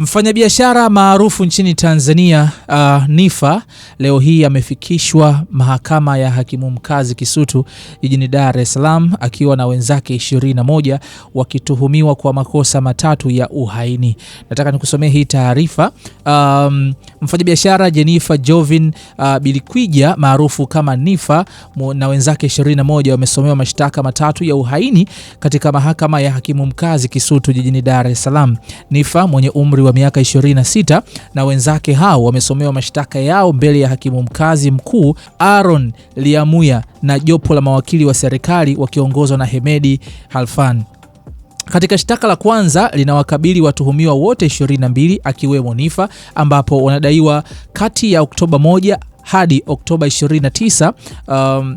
Mfanyabiashara maarufu nchini Tanzania uh, Nifa leo hii amefikishwa mahakama ya hakimu mkazi Kisutu jijini Dar es Salaam akiwa na wenzake 21 wakituhumiwa kwa makosa matatu ya uhaini. Nataka nikusomee hii taarifa. Um, mfanyabiashara Jenifa Jovin uh, Bilikwija maarufu kama Nifa na wenzake 21 wamesomewa mashtaka matatu ya uhaini katika mahakama ya hakimu mkazi Kisutu jijini Dar es Salaam. Nifa mwenye umri wa wa miaka 26 na wenzake hao wamesomewa mashtaka yao mbele ya hakimu mkazi mkuu Aaron Liamuya na jopo la mawakili wa serikali wakiongozwa na Hemedi Halfan. Katika shtaka la kwanza linawakabili watuhumiwa wote 22 akiwemo Nifa ambapo wanadaiwa kati ya Oktoba 1 hadi Oktoba 29 um,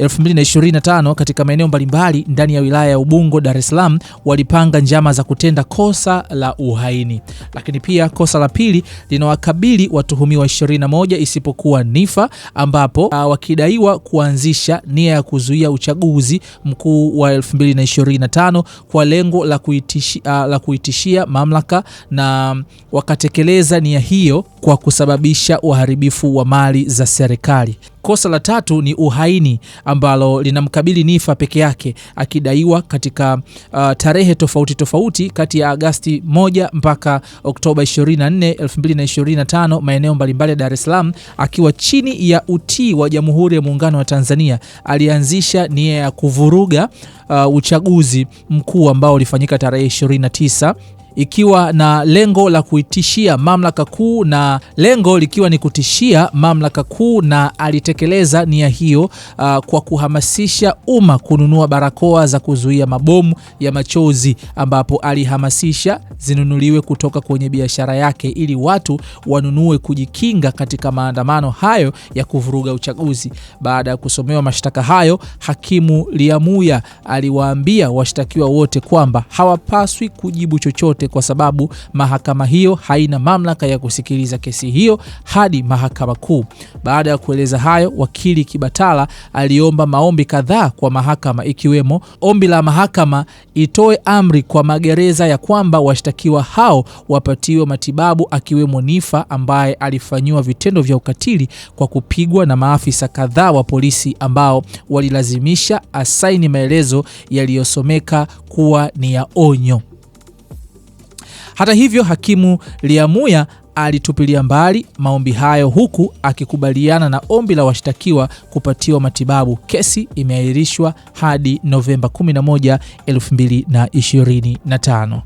2025 katika maeneo mbalimbali ndani ya wilaya ya Ubungo, Dar es Salaam walipanga njama za kutenda kosa la uhaini. Lakini pia kosa la pili linawakabili watuhumiwa 21 isipokuwa Nifa, ambapo ah, wakidaiwa kuanzisha nia ya kuzuia uchaguzi mkuu wa 2025 kwa lengo la kuitishi, uh, la kuitishia mamlaka na wakatekeleza nia hiyo kwa kusababisha uharibifu wa mali za serikali. Kosa la tatu ni uhaini ambalo linamkabili Nifa peke yake akidaiwa katika uh, tarehe tofauti tofauti kati ya Agasti 1 mpaka Oktoba 24, 2025 maeneo mbalimbali ya Dar es Salaam akiwa chini ya utii wa Jamhuri ya Muungano wa Tanzania alianzisha nia ya kuvuruga uh, uchaguzi mkuu ambao ulifanyika tarehe 29 ikiwa na lengo la kuitishia mamlaka kuu na lengo likiwa ni kutishia mamlaka kuu, na alitekeleza nia hiyo uh, kwa kuhamasisha umma kununua barakoa za kuzuia mabomu ya machozi, ambapo alihamasisha zinunuliwe kutoka kwenye biashara yake ili watu wanunue kujikinga katika maandamano hayo ya kuvuruga uchaguzi. Baada ya kusomewa mashtaka hayo, hakimu Liamuya aliwaambia washtakiwa wote kwamba hawapaswi kujibu chochote kwake kwa sababu mahakama hiyo haina mamlaka ya kusikiliza kesi hiyo hadi mahakama kuu. Baada ya kueleza hayo, wakili Kibatala aliomba maombi kadhaa kwa mahakama ikiwemo ombi la mahakama itoe amri kwa magereza ya kwamba washtakiwa hao wapatiwe matibabu akiwemo Nifa ambaye alifanyiwa vitendo vya ukatili kwa kupigwa na maafisa kadhaa wa polisi ambao walilazimisha asaini maelezo yaliyosomeka kuwa ni ya onyo. Hata hivyo, hakimu liamuya alitupilia mbali maombi hayo huku akikubaliana na ombi la washtakiwa kupatiwa matibabu. Kesi imeahirishwa hadi Novemba 11, 2025.